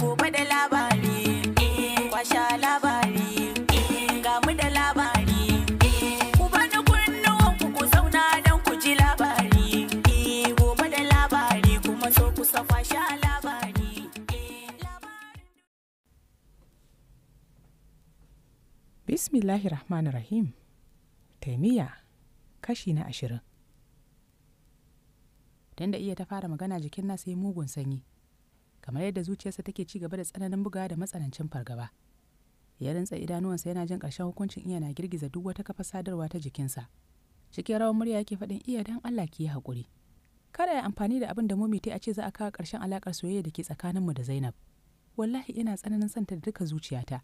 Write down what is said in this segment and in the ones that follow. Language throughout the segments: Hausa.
gobe da labari eh, kwasha labari eh, ga mu da labari eh, ku bani kunnuwan ku ku zauna don ku ji labari gobe da labari kuma so ku sa kwasha labari bismillahi rahmanir rahim taimiyya kashi na ashirin dan da iya ta fara magana jikin na sai mugun sanyi kamar yadda zuciyarsa take ci gaba da tsananin bugawa da matsanancin fargaba ya rintsa idanuwansa yana jin ƙarshen hukuncin iya na girgiza duk wata kafa sadarwa ta jikinsa cikin rawar murya yake faɗin iya dan Allah ki yi haƙuri kada ya amfani da abin da momi ta a ce za a kawo ƙarshen alaƙar soyayya da ke tsakaninmu da Zainab wallahi ina tsananin santa da duka zuciyata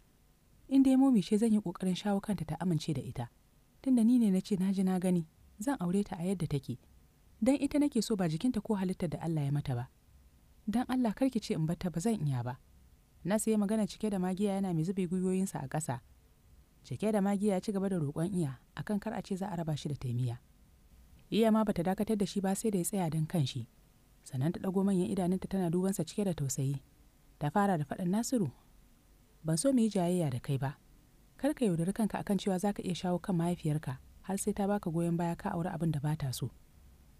in dai momi ce zan yi ƙoƙarin shawo kanta ta amince da ita tunda ni ne na ce na ji na gani zan aure ta a yadda take dan ita nake so ba jikinta ko halittar da Allah ya mata ba don allah kar ki ce in batta ba zan iya ba na sayi magana cike da magiya yana mai zube gwiwoyinsa a ƙasa cike da magiya ya ci gaba da roƙon iya akan kar a ce za a raba shi da taimiya iya ma bata dakatar da shi ba sai da ya tsaya don kanshi sannan ta ɗago manyan idanunta tana dubansa cike da tausayi ta fara da faɗin nasiru ban so mu yi jayayya da kai ba kar ka yaudari kanka akan cewa za ka iya shawo kan mahaifiyarka har sai ta baka goyon baya ka aure abin da ba so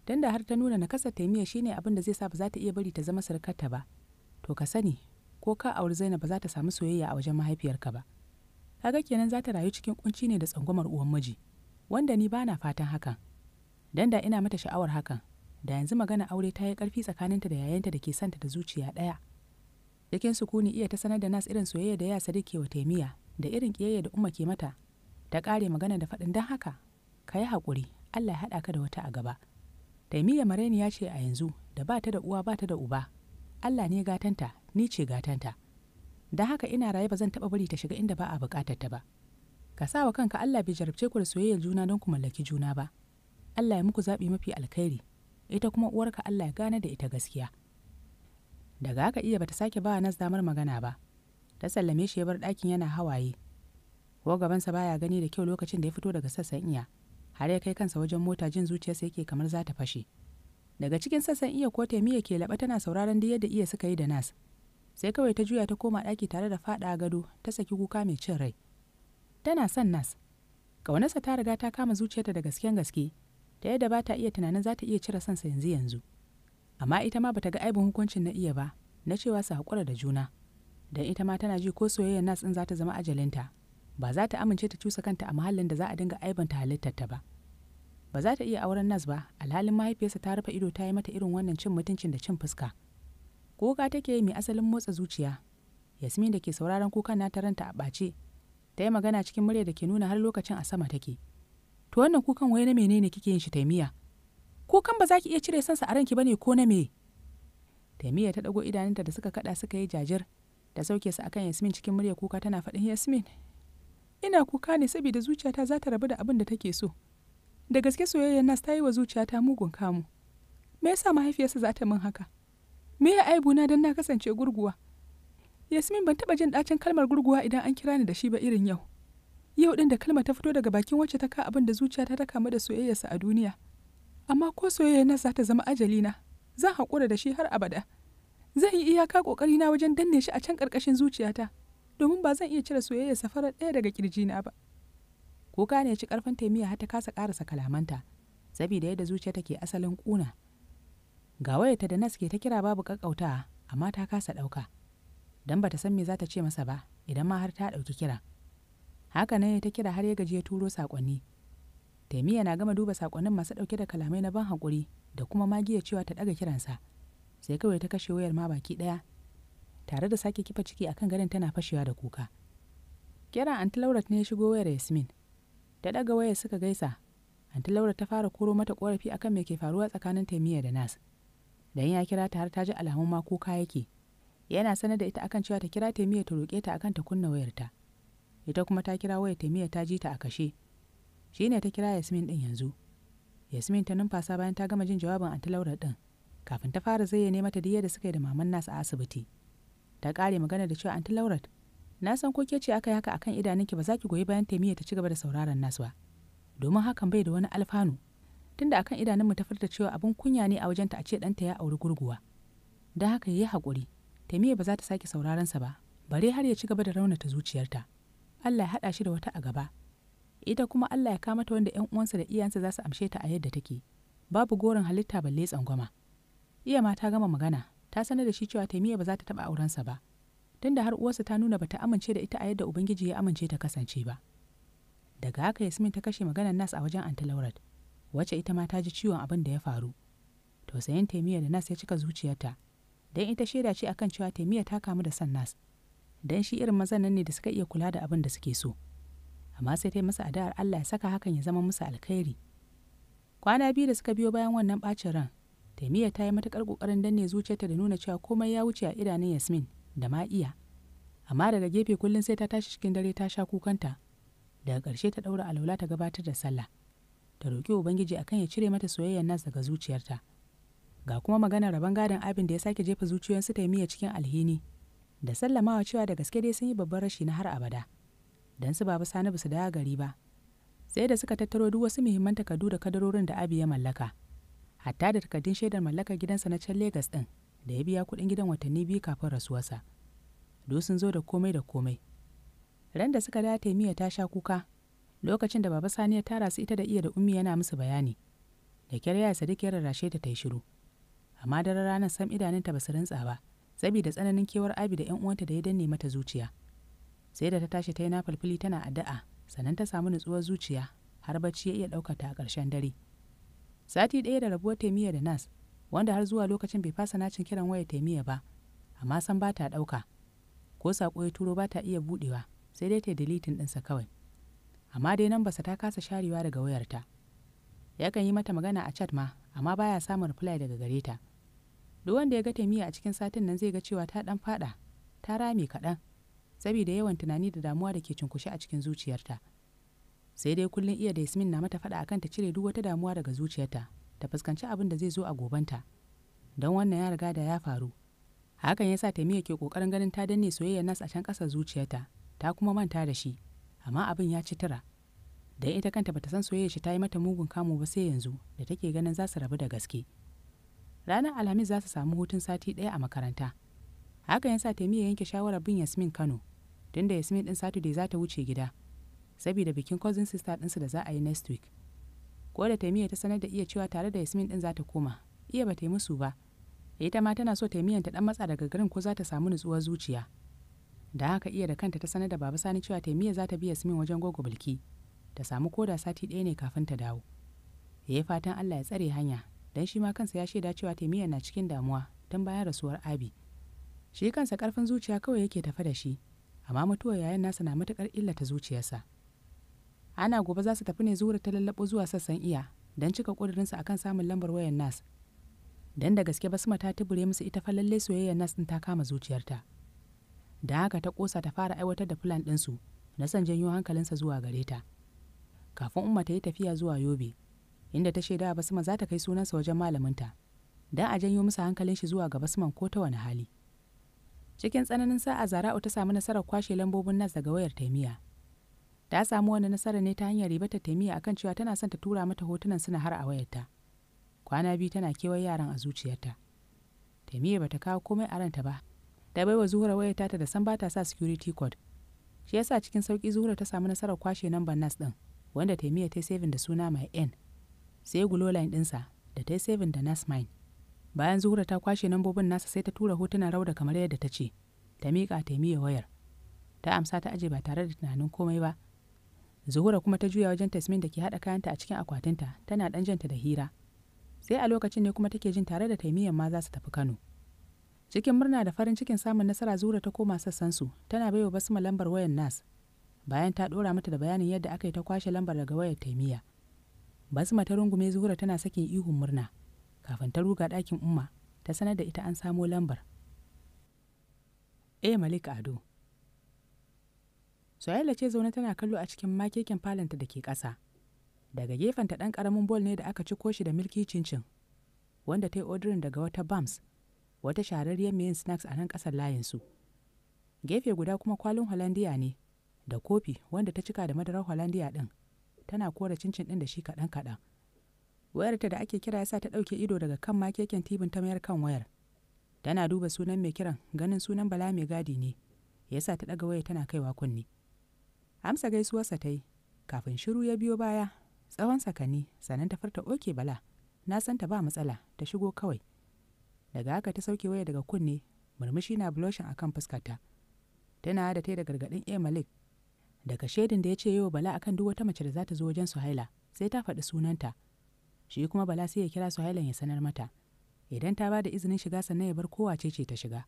don da har ta nuna na kasa taimiya shine abin da zai sa ba za ta iya bari ta zama sarkarta ba to ka sani ko ka auri zainab ba za ta samu soyayya a wajen mahaifiyarka ba kaga kenan za ta rayu cikin kunci ne da tsangwamar uwan miji wanda ni bana fatan hakan dan da ina mata sha'awar hakan da yanzu magana aure ta yi karfi tsakaninta da yayanta da ke santa da zuciya ɗaya cikin sukuni iya ta sanar da nas irin soyayya da ya sadike wa taimiya da irin kiyayya da umma ke mata ta kare magana da faɗin don haka ka yi haƙuri allah ya haɗa ka da wata a gaba taimiyya ya ce a yanzu da ba ta da uwa ba ta da uba allah ne gatanta ni ce gatanta da haka ina rayu ba zan taɓa bari ta shiga inda ba a buƙatar ta ba ka sa wa kanka allah bai jarabce ku da soyayyar juna don ku mallaki juna ba allah ya muku zaɓi mafi alkhairi ita kuma uwarka allah ya gane da ita gaskiya daga haka iya bata sake ba nas damar magana ba ta sallame shi ya bar ɗakin yana hawaye ko gabansa baya gani da kyau lokacin da ya fito daga sassan iya har ya kai kansa wajen mota jin zuciyarsa yake kamar za ta fashe daga cikin sassan iya ko miya ke laɓa tana sauraron duk yadda iya suka yi da nas sai kawai ta juya ta koma ɗaki tare da faɗa gado ta saki kuka mai cin rai tana son nas ƙaunarsa ta riga ta kama zuciyarta da gasken gaske ta yadda ba ta iya tunanin za ta iya cire sansa yanzu yanzu amma ita ma bata ga aibin hukuncin na iya ba na cewa su haƙura da juna don ita ma tana ji ko soyayyar nas in za ta zama ajalinta ba za ta amince ta cusa kanta a mahallin da za a dinga aibanta halittarta ba ba za ta iya auren nas ba alhalin mahaifiyarsa ta rufe ido ta yi mata irin wannan cin mutuncin da cin fuska kuka take mai asalin motsa zuciya yasmin da ke sauraron kukan nata ranta a ɓace ta yi magana cikin murya da ke nuna har lokacin a sama take to wannan kukan wai na menene kike yin shi taimiya kukan ba za ki iya cire sansa a ranki ba ne, ko na me taimiya ta dago idanunta da suka kaɗa suka yi jajir da sauke su akan yasmin cikin murya kuka tana faɗin yasmin ina kuka ne saboda zuciyata za ta rabu da abin da take so da gaske soyayyar nas ta yi wa zuciyata mugun kamu me yasa mahaifiyarsa za ta min haka me ya aibu na don na kasance gurguwa yasmin ban taba jin dacin kalmar gurguwa idan an kira ni da shi ba irin yau yau din da kalmar ta fito daga bakin wacce ta ka abin da zuciyata ta kama da soyayyarsa a duniya amma ko soyayyar nas za ta zama ajali na zan haƙura da shi har abada zan yi iyaka ƙoƙarina wajen danne shi a can ƙarƙashin zuciyata domin ba zan iya cire soyayya safarar ɗaya daga na ba kuka ne ci karfin taimiya har ta kasa karasa kalamanta saboda yadda zuciya take asalin kuna ga wayarta da nas ke ta kira babu kakkautawa amma ta kasa ɗauka don bata san me za ta ce masa ba idan ma har ta ɗauki kira haka nan ya ta kira har ya gaji ya turo saƙonni taimiya na gama duba saƙonnin masu ɗauke da kalamai na ban haƙuri da kuma magiya cewa ta ɗaga kiransa sai kawai ta kashe wayar ma baki ɗaya tare da sake kifa ciki akan gadon tana fashewa da kuka kira anti laura ne ya shigo wayar yasmin ta daga wayar suka gaisa anti laura ta fara koro mata korafi akan me ke faruwa tsakanin taimiyya da nas dan ya kira ta har ta ji alhamun ma kuka yake yana sanar da ita akan cewa ta kira taimiyya ta roƙe ta akan ta kunna wayar ta. ita kuma ta kira wayar taimiyya ta ji ta a kashe Shi ne ta kira yasmin din yanzu yasmin ta numfasa bayan ta gama jin jawabin anti laura din kafin ta fara zayyane mata diya da suka yi da maman nas a asibiti ta ƙare magana da cewa anti laurat na san ko ke ce aka yi haka akan idanunki ba za ki goyi bayan taimiyya ta ci gaba da sauraron nas ba domin hakan bai da wani alfanu tunda akan idanunmu ta furta cewa abin kunya ne a wajenta a ce ɗanta ya auri gurguwa don haka ya yi haƙuri taimiyya ba za ta sake sa ba bare har ya ci gaba da raunata zuciyarta Allah ya haɗa shi da wata a gaba ita kuma Allah ya kama ta wanda 'yan uwansa da iyansa za su amshe ta a yadda take babu gorin halitta balle tsangwama iya ma ta gama magana ta sanar da shi cewa taimiyya ba za ta taɓa aurensa ba tun da har uwarsa ta nuna bata amince da ita a yadda ubangiji ya amince ta kasance ba daga haka yasmin ta kashe maganar nas a wajen laurat wacce ita ma ta ji ciwon abin da ya faru tausayin taimiyya da nas ya cika zuciyarta don ita shaida ce akan cewa taimiyya ta kamu da san nas don shi irin mazan nan ne da suka iya kula da abin da suke so amma sai ta yi masa addu'ar Allah ya saka hakan ya zama musu alkhairi kwana biyu da suka biyo bayan wannan bacin ran taimiyya ta yi matuƙar ƙoƙarin danne zuciyarta da nuna cewa komai ya wuce a idanun yasmin da ma iya amma daga gefe kullum sai ta tashi cikin dare ta sha kukanta daga ƙarshe ta ɗaura alwala ta gabatar da sallah ta roƙi ubangiji akan ya cire mata soyayyar nas daga zuciyarta ga kuma maganar rabon gadon abin da ya sake jefa zuciyoyinsu taimiyya cikin alhini da sallamawa cewa da gaske dai sun yi babban rashi na har abada dan su baba sani ba su daya gari ba sai da suka tattaro duk wasu muhimman takardu da kadarorin da abi ya mallaka hatta da takardun shaidar mallakar gidansa na can Legas ɗin da ya biya kuɗin gidan watanni biyu kafin rasuwarsa. Do sun zo da komai da komai. Ran da suka dace miya ta sha kuka lokacin da Baba Sani ya tara su ita da iya da ummi yana musu bayani. Da kyar ya Sadiq ya rarrashe ta ta yi shiru. Amma daren ranar sam idanunta ba su rantsa ba saboda tsananin kewar Abi da 'yan uwanta da ya danne mata zuciya. Sai da ta tashi ta yi na falfili tana addu'a sannan ta samu nutsuwar zuciya har bacci ya iya ɗaukata a ƙarshen dare. sati ɗaya da rabuwar taimiyya da nas wanda har zuwa lokacin bai fasa nacin kiran waya taimiyya ba amma san ba ta ɗauka ko saƙo ya turo ba ta iya buɗewa sai dai ta dilitin ɗinsa kawai amma dai nan basa ta kasa sharewa daga wayarta yakan yi mata magana a chat ma amma baya samun reply daga gare ta duk wanda ya ga taimiyya a cikin satin nan zai ga cewa ta ɗan faɗa ta rame kaɗan saboda yawan tunani da damuwa da ke cunkushe a cikin zuciyarta. sai dai kullum iya da yasmin na mata faɗa akan ta cire duk wata damuwa daga zuciyarta ta fuskanci abin da zai zo a gobanta don wannan ya riga da ya faru hakan yasa miya ke kokarin ganin ta danne soyayyar nas a can ƙasa zuciyarta ta kuma manta da shi amma abin ya ci tura dan ita kanta bata san soyayyar shi ta yi mata mugun kamo ba sai yanzu da take ganin za su rabu da gaske ranar alhamis za su samu hutun sati ɗaya a makaranta hakan yasa taimiyya yanke shawarar bin yasmin kano tunda yasmin ɗin satude za ta wuce gida saboda bikin cousin sister ɗinsu da za a yi next week ko da taimiyya ta sanar da iya cewa tare da yasmin ɗin za ta koma iya ba ta yi musu ba ita ma tana so taimiyyan ta ɗan matsa daga garin ko za ta samu nutsuwar zuciya da haka iya da kanta ta sanar da baba sani cewa taimiyya za ta bi yasmin wajen gogo bilki ta samu koda sati ɗaya ne kafin ta dawo ya yi fatan allah ya tsare hanya don shi ma kansa ya shaida cewa taimiyya na cikin damuwa don bayan rasuwar abi shi kansa karfin zuciya kawai yake tafa da shi amma mutuwar yayan nasa na matukar illata zuciyarsa ana gobe za su tafi ne zuwa ta lallabo zuwa sassan iya don cika ƙudurinsu akan samun lambar wayar nas don da gaske basma ta tubure musu ita fa lalle soyayyar nas ɗin ta kama zuciyarta da haka ta ƙosa ta fara aiwatar da filan ɗinsu na son janyo hankalinsa zuwa gare ta kafin umma ta yi tafiya zuwa yobe inda ta shaida basma za ta kai sunansa wajen malaminta don a janyo musu hankalin shi zuwa ga basman ko ta wani hali cikin tsananin sa'a zara'u ta samu nasarar kwashe lambobin nas daga wayar taimiya ta samu wani nasara ne ta hanyar riba ta taimiya akan cewa tana son ta tura mata hotunan suna har a wayarta kwana biyu tana kewar yaran a zuciyarta taimiya bata kawo komai a ranta ba ta baiwa zuhura wayarta ta da san ba ta sa security code shi yasa cikin sauki zuhura ta samu nasarar kwashe namban nas din wanda taimiya ta saving da suna mai n sai gulo line dinsa da ta saving da nas mine bayan zuhura ta kwashe nambobin nasa sai ta tura hotunan rauda kamar yadda ta ce ta miƙa taimiya wayar ta amsa ta aje ba tare da tunanin komai ba zuhura kuma ta juya wajen tasmin da ke haɗa kayanta a cikin akwatinta tana ɗan janta da hira sai a lokacin ne kuma take jin tare da taimiyyar ma za su tafi kano cikin murna da farin cikin samun nasara zuhura ta koma sassan su tana baiwa basma lambar wayan nas bayan ta ɗora mata da bayanin yadda aka yi ta kwashe lambar daga wayar taimiyya basma ta rungume zuhura tana sakin ihun murna kafin ta ruga ɗakin umma ta sanar da ita an samo lambar e malik ado Soyayya ce zaune tana kallo a cikin makeken falanta da ke ƙasa. Daga gefenta ɗan ƙaramin bol ne da aka ciko shi da milki cincin, wanda ta yi odirin daga wata bams, wata shahararriyar mai yin snacks a nan ƙasar layinsu. Gefe guda kuma kwalin Hollandiya ne, da kofi wanda ta cika da madarar Hollandiya ɗin, tana kora cincin ɗin da shi kaɗan-kaɗan. Wayarta da ake kira yasa ta ɗauke ido daga kan makeken tibin ta mayar kan wayar. Tana duba sunan mai kiran ganin sunan Bala mai gadi ne, yasa ta ɗaga waya tana kaiwa kunne. amsa gaisuwarsa ta yi kafin shiru ya biyo baya tsawon sakani sannan ta farta oke bala na san ta ba matsala ta shigo kawai daga haka ta sauke waya daga kunne murmushi na bloshin akan fuskarta tana da ta da gargaɗin a eh, malik daga shaidin da ya ce yau bala akan duk wata mace da za ta zo wajen suhaila sai ta faɗi sunanta shi kuma bala sai ya kira suhailan ya sanar mata idan ta ba da izinin shiga sannan ya bar kowace ce ta shiga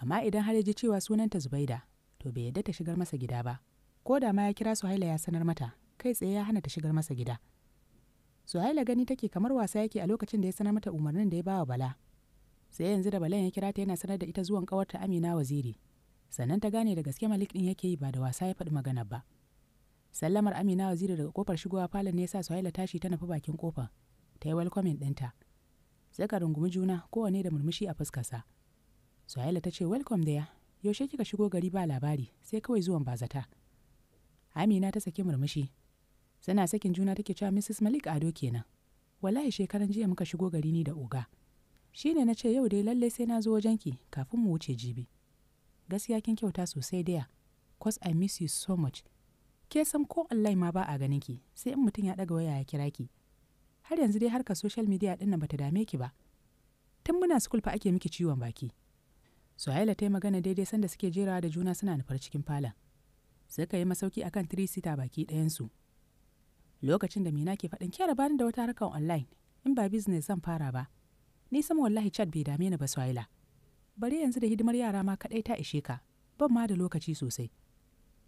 amma idan har ya ji cewa sunanta zubaida to bai yadda ta shigar masa gida ba ko da ma ya kira suhaila ya sanar mata kai tsaye ya hana ta shigar masa gida suhaila gani take kamar wasa yake a lokacin da ya sanar mata umarnin da ya bawa bala sai yanzu da balan ya kira ta yana sanar da ita zuwan kawarta amina waziri sannan ta gane da gaske malik din yake yi ba da wasa ya faɗi magana ba sallamar amina waziri daga kofar shigowa falon ne yasa suhaila tashi ta nufi bakin kofa ta yi welcoming ɗinta ka rungumi juna kowane da murmushi a fuskarsa suhaila ta ce welcome daya yaushe kika shigo gari ba labari sai kawai zuwan bazata amina ta saki murmushi suna sakin juna take cewa mrs malik ado kenan wallahi shekaran jiya muka shigo gari ni da oga Shi ne na ce yau dai lallai sai na zo wajenki kafin mu wuce jibi gaskiya kin kyauta sosai daya cos i miss you so much ke san ko online ma ba a ganin ki sai in mutum ya daga waya ya kira ki har yanzu dai harkar social media din nan bata dame ki ba tun muna school fa ake miki ciwon baki suhaila ta yi magana daidai sanda suke jerawa da juna suna nufar cikin falon ka yi masauki akan tirisita baki ɗayansu lokacin da mina ke faɗin kyara bani da wata harkar online in ba business zan fara ba ni sama wallahi chat bai dame ni ba swaila bari yanzu da hidimar yara ma kaɗai ta ishe ka ban ma da lokaci sosai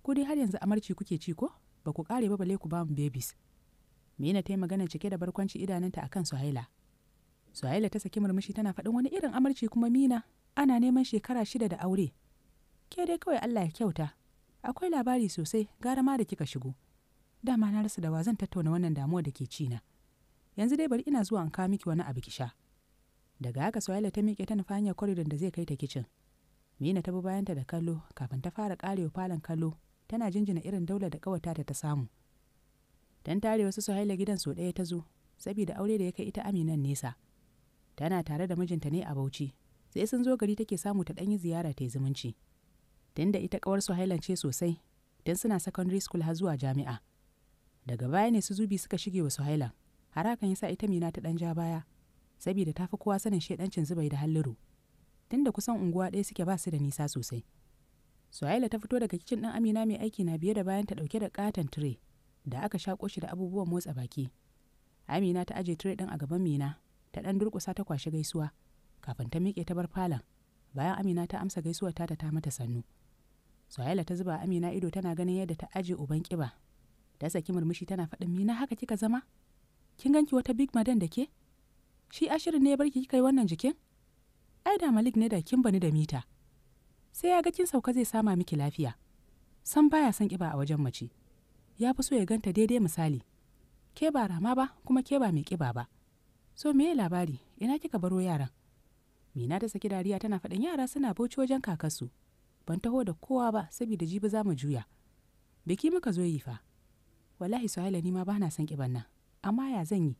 ku dai har yanzu amarci kuke ci ko ba ku ƙare ba bale ku ba mu babies mina ta yi magana cike da barkwanci idanunta akan suhaila suhaila ta saki murmushi tana faɗin wani irin amarci kuma mina ana neman shekara shida da aure ke dai kawai allah ya kyauta akwai labari sosai gara ma da kika shigo dama na rasa da wa zan tattauna wannan damuwa da ke cina yanzu dai bari ina zuwa in kawo miki wani abu ki sha daga haka soyayya ta miƙe ta nufa hanyar koridon da zai kai ta kicin mina ta bi bayanta da kallo kafin ta fara karewa falon kallo tana jinjina irin daular da ƙawata ta samu dan tare wasu soyayya gidan so ɗaya ta zo saboda aure da ya kai ita aminan nesa tana tare da mijinta ne a bauchi sai sun zo gari take samu ta ɗan ziyara ta yi zumunci da ita kawar su hailance sosai don suna secondary school har zuwa jami'a daga baya ne su zubi suka shige wa har hakan yasa ita mina ta dan ja baya saboda ta fi kowa sanin shedancin zubai da halliru da kusan unguwa ɗaya suke ba su da nisa sosai Suhaila ta fito daga kicin ɗin Amina mai aiki na biye da bayan ta ɗauke da ƙaton tire da aka shaƙo shi da abubuwan motsa baki. Amina ta aje tire ɗin a gaban Mina, ta ɗan durƙusa ta kwashe gaisuwa kafin ta miƙe ta bar falon. Bayan Amina ta amsa gaisuwar ta ta mata sannu. Suhaila ta zuba Amina ido tana ganin yadda ta aje uban kiba. Ta saki murmushi tana faɗin mina haka kika zama? Kin ganki wata big madan da ke? Shi ashirin ne ya barki kika yi wannan jikin? Ai da Malik ne da kin bani da mita. Sai ya ga kin sauka zai sama miki lafiya. San baya son kiba a wajen mace. Ya fi so ya ganta daidai misali. Ke ba rama ba kuma ke ba mai kiba ba. So me labari ina kika baro yaran? Mina ta saki dariya tana faɗin yara suna bauchi wajen kakarsu. ban taho da kowa ba saboda jibi za mu juya biki muka zo yi fa wallahi suhaila ni ma ba na son kiban nan amma ya zan yi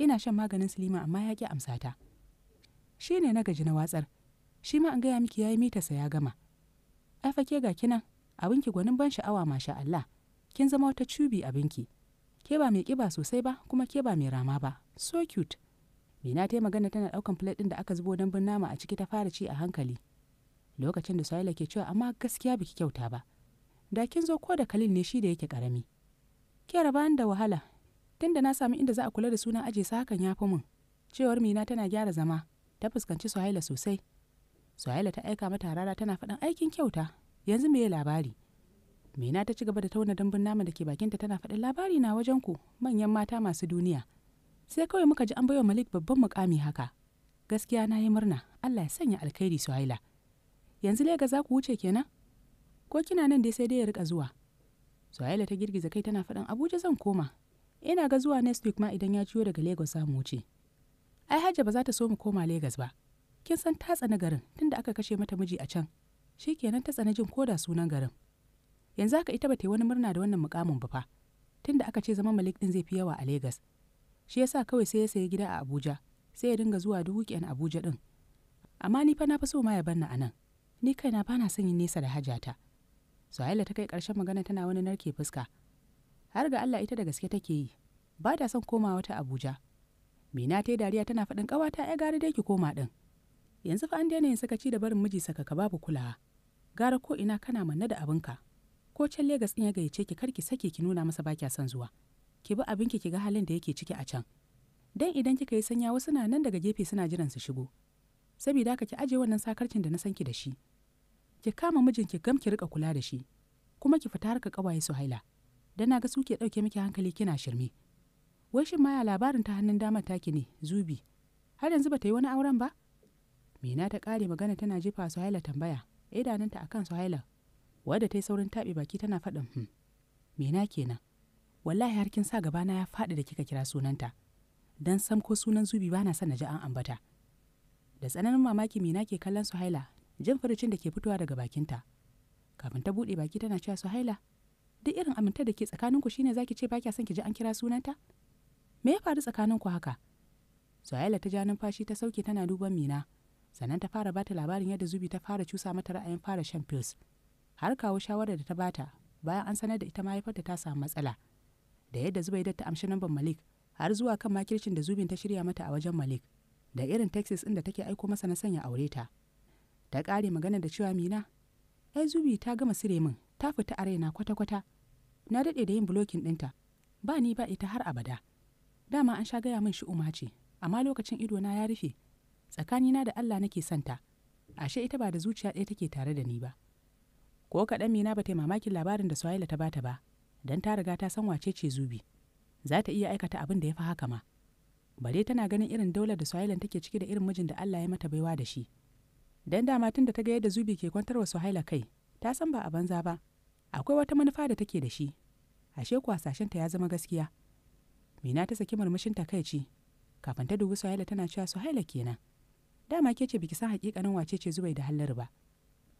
ina shan maganin silima amma ya ƙi amsata shi ne na gaji na watsar shi ma an gaya miki ya yi mitarsa ya gama ai ke ga kinan abinki gwanin ban sha'awa masha Allah kin zama wata cubi abinki ke ba mai kiba sosai ba kuma ke ba mai rama ba so cute Mina ta yi magana tana ɗaukan plate ɗin da aka zubo don bin nama a ciki ta fara ci a hankali lokacin da suhaila ke cewa amma gaskiya biki kyauta ba da kin zo ko da kalin ne shi da yake karami ke raba da wahala tun da na sami inda za a kula da suna aje sa hakan ya fi mun cewar mina tana gyara zama ta fuskanci suhaila sosai suhaila ta aika mata harara tana faɗin aikin kyauta yanzu me labari mina ta ci gaba da tauna dambun nama da ke bakinta tana faɗin labari na wajen ku manyan mata masu duniya sai kawai muka ji an baiwa malik babban mukami haka gaskiya na yi murna allah ya sanya alkhairi suhaila yanzu Legas za ku wuce kenan ko kina nan dai sai dai ya rika zuwa Suhaila ta girgiza kai tana faɗin Abuja zan koma ina ga zuwa next week ma idan ya ciwo daga Lagos za mu wuce ai Hajja ba za ta so mu koma Lagos ba kin san ta tsana garin tunda aka kashe mata miji a can Shi kenan ta tsana jin koda sunan garin yanzu haka ita ba ta yi wani murna da wannan mukamin ba fa tunda aka ce zama Malik din zai fi yawa a Lagos shi yasa kawai sai ya sayi gida a Abuja sai ya dinga zuwa duk weekend Abuja din amma ni fa na fi so ma ya banna a nan ni kaina ba na son yin nesa da hajata suhaila ta kai ƙarshen magana tana wani narke fuska har ga allah ita da gaske take yi ba ta son komawa ta abuja mina ta dariya tana faɗin ƙawata ya gari dai ki koma ɗin yanzu fa an daina yin sakaci da barin miji saka ka babu kulawa gara ko ina kana manne da abinka ko can legas ɗin ya gayyace ki kar ki sake ki nuna masa ba kya son zuwa ki bi abin ki ga halin da yake ciki a can dan idan kika yi sanya wasu na nan daga gefe suna jiran su shigo sabida ka ki aje wannan sakarcin da na san ki da shi ki kama mijin ki gam ki rika kula da shi kuma ki fita harka kawaye su haila dan na ga su ke dauke miki hankali kina shirme wai shin maya labarin ta hannun dama taki ne zubi har yanzu bata yi wani auren ba mina ta kare magana tana jefa su haila tambaya idanunta akan su haila wadda ta yi saurin taɓe baki tana faɗin hmm. mina kenan wallahi har kin sa gabana ya faɗi da kika kira sunanta dan sam ko sunan zubi bana son na ji an ambata da tsananin mamaki mina ke kallon su haila Jan farcin da ke fitowa daga bakinta kafin ta buɗe baki tana cewa su haila duk irin aminta da ke tsakaninku shine zaki ce baki son ki ji an kira sunanta me ya faru tsakaninku haka Suhaila ta ja numfashi ta sauke tana duban Mina sannan ta fara bata labarin yadda Zubi ta fara cusa mata ra'ayin fara shan pills har kawo shawarar da ta bata bayan an sanar da ita mahaifarta ta samu matsala da yadda da ta amshi namban Malik har zuwa kan makircin da Zubin ta shirya mata a wajen Malik da irin Texas inda take aiko masa na sanya aure ta. ta ƙare magana da cewa mina ai zubi ta gama sire min ta fita a raina kwata-kwata na daɗe da yin blokin ɗinta ba ni ba ita har abada dama an sha gaya min shi uma ce amma lokacin ido na ya rufe tsakanina da allah nake santa ashe ita ba da zuciya ɗaya take tare da ni ba ko kaɗan mina ba ta yi mamakin labarin da suwaila ta bata ba don ta riga ta san wace ce zubi za ta iya aikata abin da ya fi haka ma bare tana ganin irin daular da suwailan take ciki da irin mijin da allah ya mata baiwa da shi dan dama tun da ta ga yadda zubi ke kwantar wa suhaila kai ta san ba a banza ba akwai wata manufa da take da shi ashe kuwa sashenta ya zama gaskiya mina ta saki murmushin takaici kafin ta dubi suhaila tana cewa suhaila kenan dama ke ce biki san hakikanin wace ce zubai da hallar ba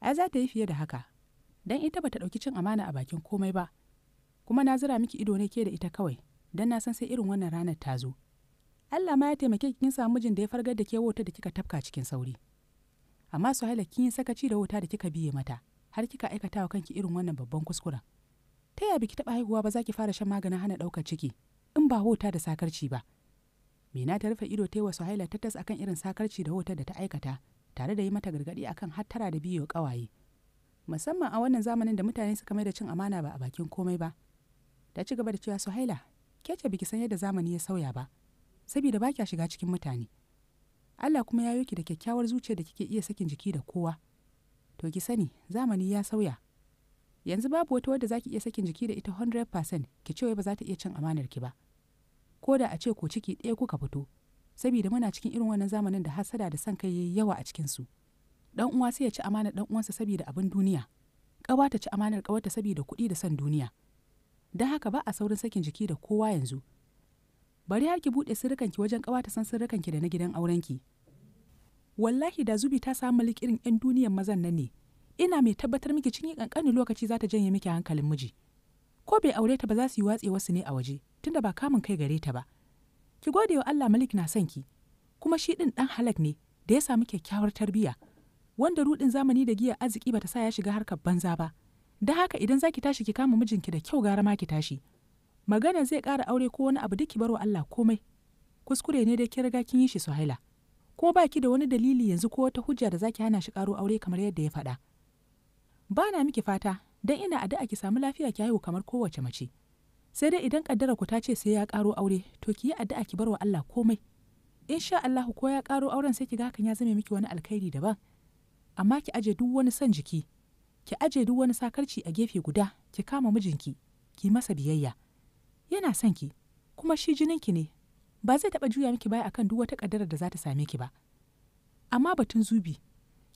ai za ta yi fiye da haka dan ita bata dauki cin amana a bakin komai ba kuma na zira miki ido ne ke da ita kawai dan na san sai irin wannan ranar ta zo Allah ma ya taimake kin samu mijin da ya fargar da ke wota da kika tafka cikin sauri. amma su haila kin sakaci da wuta da kika biye mata har kika aikata wa kanki irin wannan babban kuskuren ta yaya biki taba haihuwa ba za ki fara shan maganin hana ɗaukar ciki in ba wuta da sakarci ba Mena ta rufe ido ta yi wa Suhaila tattas akan irin sakarci da wutar da ta aikata tare da yi mata gargaɗi akan hattara da biyo ƙawaye. Musamman a wannan zamanin da mutane suka mai da cin amana ba a bakin komai ba. Ta ci gaba da cewa Suhaila, ke ce biki san yadda zamani ya sauya ba, saboda ba kya shiga cikin mutane. Allah kuma ya yi da kyakkyawar zuciya da kike iya sakin jiki da kowa. To ki sani zamani ya sauya. Yanzu babu wata wadda za ki iya sakin jiki da ita 100% ki ce wai ba za ta iya cin amanar ki ba. Ko da a ce ko ciki ɗaya kuka fito, saboda muna cikin irin wannan zamanin da hasada da son kai yayi yawa a cikin su. Dan uwa sai ya ci amanar dan uwansa saboda abin duniya. Ƙawa ta ci amanar ƙawarta saboda kuɗi da son duniya. dan haka ba a saurin sakin jiki da kowa yanzu. bari har ki buɗe ki wajen ƙawata san ki da na gidan ki wallahi da zubi ta samu malik irin 'yan duniyar mazan nan ne ina mai tabbatar miki cikin ƙanƙanin lokaci za ta janye miki hankalin miji ko bai aure ta ba za su yi watsewa wasu ne a waje tunda ba kamun kai gare ta ba ki gode wa Allah malik na son ki kuma shi ɗin ɗan halak ne da ya samu kyakkyawar tarbiyya wanda ruɗin zamani da giya arziki ta sa ya shiga harkar banza ba da haka idan zaki tashi ki kama mijinki da kyau gara ma ki tashi magana zai kara aure ko wani abu duki baro Allah komai kuskure ne da ki riga kin yi shi Suhaila ko ba ki da wani dalili yanzu ko wata hujja da zaki hana shi karo aure kamar yadda ya faɗa bana miki fata dan ina addu'a ki samu lafiya ki haihu kamar kowace mace sai dai idan kaddara ku ta ce sai ya karo aure to ki yi addu'a ki wa Allah komai insha Allah ko ya karo auren sai ki ga hakan ya zame miki wani alkhairi daban amma ki aje duk wani son jiki ki aje duk wani sakarci a gefe guda ki kama mijinki ki masa biyayya yana son ki kuma shi jininki ne ba zai taɓa juya miki baya akan duk wata ƙaddarar da za ta same ki ba amma batun zubi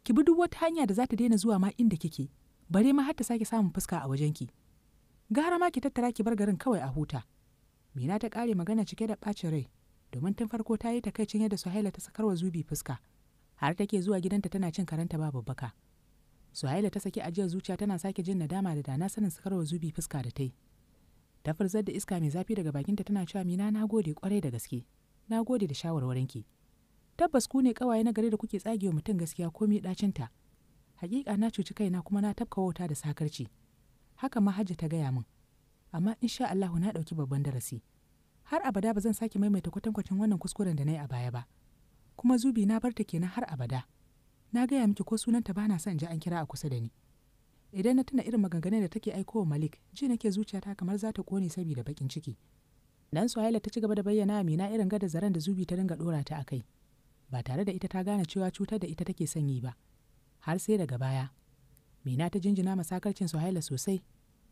ki bi duk wata hanya da za ta daina zuwa ma inda kike bare ma har ta sake samun fuska a wajen ki. gara ma ki tattara ki bar garin kawai a huta mina ta ƙare magana cike da ɓacin rai domin tun farko ta yi takaicin yadda suhaila ta sakarwa zubi fuska har take zuwa gidanta tana cin karanta ba babbaka suhaila ta saki ajiyar zuciya tana sake jin nadama da dana sanin sakarwa zubi fuska da ta yi ta furzar da iska mai zafi daga bakinta tana cewa mina na gode kwarai da gaske na gode da shawarwarinki tabbas ku ne kawaye na gare da kuke tsage tsagewa mutum gaskiya komai dacinta hakika na cuci kaina kuma na tafka wauta da sakarci haka ma hajji ta gaya min amma insha Allah na dauki babban darasi har abada ba zan sake maimaita kwatankwacin wannan kuskuren da na yi a baya ba kuma zubi na barta kenan har abada na gaya miki ko sunanta ba na son ji an kira a kusa da ni idan na tuna irin maganganun da take aikowa malik ji nake zuciyata kamar za ta kone saboda bakin ciki Dan suhaila ta ci gaba da bayyana mina irin gada zaren da zubi ta dinga dora ta akai ba tare da ita ta gane cewa cutar da ita take sanyi ba har sai daga baya mina ta jinjina masakarcin suhaila sosai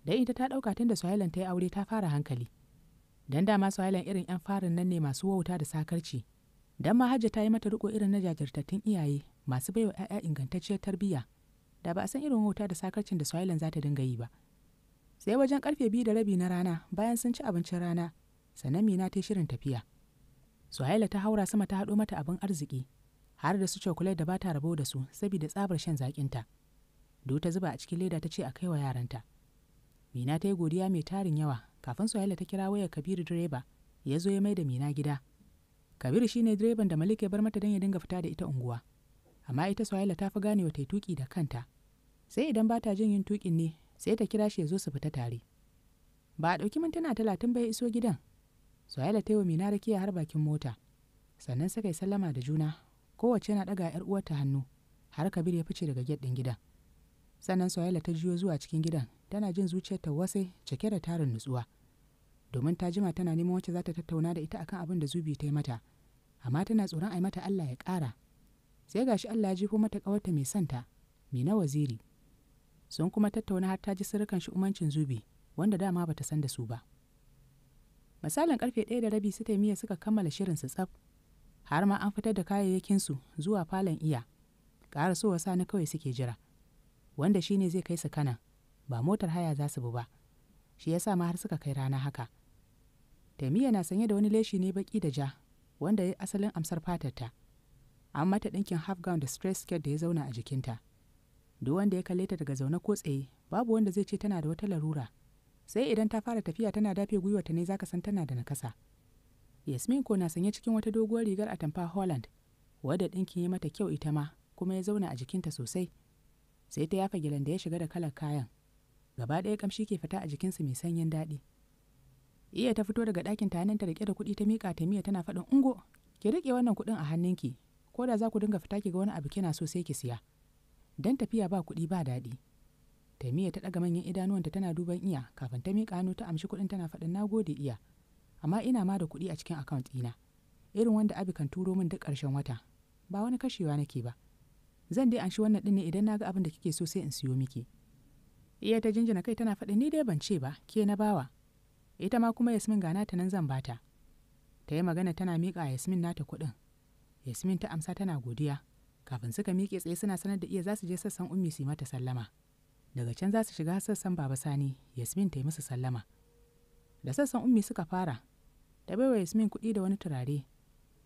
da ita ta ɗauka tun da suhailan ta yi aure ta fara hankali dan dama suhailan irin 'yan farin nan ne masu wauta da sakarci dan ma hajja ta yi mata riko irin na jajirtattun iyaye masu baiwa 'ya'ya ingantacciyar tarbiyya da ba a san irin wuta da sakarcin da Swailan za ta dinga yi ba. Sai wajen karfe biyu da rabi na rana bayan sun ci abincin rana, sannan Mina ta shirin tafiya. Swahila ta haura sama ta haɗo mata abin arziki, har da su cokulai da ba ta rabo da su saboda tsabar shan zaƙinta. duk ta zuba a cikin leda ta ce a kai wa yaranta. Mina ta yi godiya mai tarin yawa kafin Swahila ta kira waya Kabiru direba ya zo ya mai da Mina gida. Kabiru shi ne direban da Malik ya bar mata don ya dinga fita da ita unguwa. Amma ita Swahila ta fi ganewa ta tuki da kanta sai idan ba ta jin yin tuƙin ne sai ta kira shi ya zo su fita tare ba a ɗauki mintuna talatin ba ya iso gidan suhaila ta yi wa mina rakiya har bakin mota sannan suka yi sallama da juna kowace na ɗaga yar uwarta hannu har kabir ya fice daga gate gidan sannan suhaila ta jiyo zuwa cikin gidan tana jin zuciyar ta wasai cike da tarin nutsuwa domin ta jima tana neman wacce za ta tattauna da ita akan abin da zubi ta yi mata amma tana tsoron a mata Allah ya ƙara sai gashi Allah ya jefo mata ƙawarta mai santa mina na waziri sun kuma tattauna har ta ji sirrukan shi umancin zubi wanda dama bata san da su ba misalin karfe ɗaya da rabi su taimiya suka kammala shirin su tsaf har ma an fitar da kayayyakin su zuwa falon iya Ƙara so wasa sani kawai suke jira wanda shi ne zai kai su kana ba motar haya za su bi ba shi yasa ma har suka kai rana haka taimiya na sanye da wani leshi ne baki da ja wanda ya asalin amsar fatarta an mata ɗinkin half gown da stress skirt da ya zauna a jikinta. duk wanda ya kalle ta daga zaune ko tsaye babu wanda zai ce tana da wata larura sai idan ta fara tafiya tana dafe ta ne zaka san tana da nakasa yasmin ko na sanye cikin wata doguwar rigar atamfa holland wadda ɗinkin ya mata kyau ita ma kuma ya zauna a jikinta sosai sai ta yafa gilan da ya shiga da kalar kayan gaba ɗaya kamshi ke fita a jikinsa mai sanyin daɗi iya ta fito daga ɗakin ta ta rike da kuɗi ta miƙa ta miya tana faɗin ungo ki riƙe wannan kuɗin a hannunki ko da za ku dinga fita ki ga wani abu kina so sai ki siya don tafiya ba kuɗi ba daɗi taimiyya ta ɗaga manyan idanuwanta tana duban iya kafin ta miƙa hannu ta amshi kuɗin tana faɗin na gode iya amma ina ma da kuɗi a cikin akaunt ɗina irin wanda abi kan turo min duk ƙarshen wata ba wani kashewa nake ba zan dai anshi wannan ɗin ne idan na ga abin da kike so sai in siyo miki iya ta jinjina kai tana faɗin ni dai ban ce ba ke na bawa ita ma kuma yasmin gana ta nan zan bata ta yi magana tana miƙa yasmin nata kuɗin yasmin ta amsa tana godiya kafin suka miƙe tsaye suna sanar da iya za su je sassan ummi su yi mata sallama daga can za su shiga sassan baba sani yasmin ta yi musu sallama da sassan ummi suka fara ta baiwa yasmin kuɗi da wani turare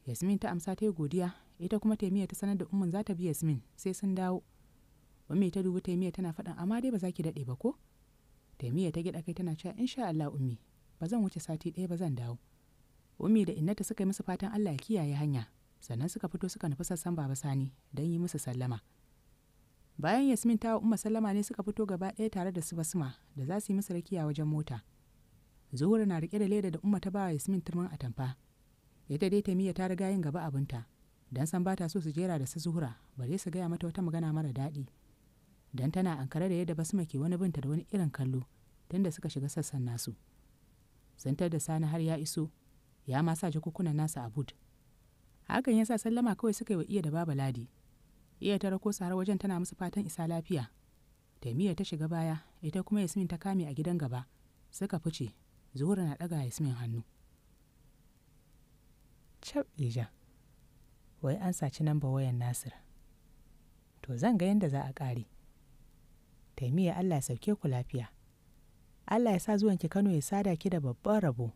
yasmin ta amsa ta yi godiya ita kuma taimiya ta sanar da ummin za ta bi yasmin sai sun dawo ummi ta dubi taimiya tana faɗin amma dai ba za ki daɗe ba ko taimiyya ta gida kai tana cewa insha Allah ummi ba zan wuce sati ɗaya ba zan dawo ummi da innata suka yi musu fatan Allah ya kiyaye hanya sannan suka fito suka nufi sassan baba sani don yi musu sallama bayan yasmin ta umma sallama ne suka fito gaba ɗaya tare da su basma da za su yi musu rakiya wajen mota zuhura na riƙe da leda da umma ta ba yasmin turmin atamfa ita dai miya ta riga yin gaba abinta dan san ba ta so su jera da su zuhura bare su gaya mata wata magana mara daɗi dan tana ankara da yadda basma ke wani binta da wani irin kallo tun da suka shiga sassan nasu zantar da sani har ya iso ya ma sa jakukkunan nasa a bud a hakan ya sa sallama kawai suka yi wa iya da baba ladi iya ta rako su wajen tana musu fatan isa lafiya taimiyya ta shiga baya ita kuma yasmin ta kame a gidan gaba suka fice zuhura na ɗaga yasmin hannu cap ija wai an saci namba wayan nasir to zan ga yadda za a ƙare taimiyya allah ya sauke ku lafiya allah ya sa zuwanki kano ya sada ki da babban rabo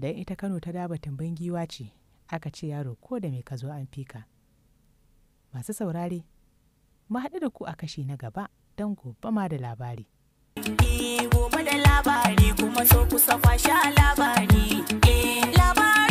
don ita kano ta daba tumbin giwa ce aka ce yaro ko da mai ka zo an fika masu saurare mu haɗu da ku a kashi na gaba don gobe ma da labari eh, gobe da labari kuma so kusa kwashe labari eh, labari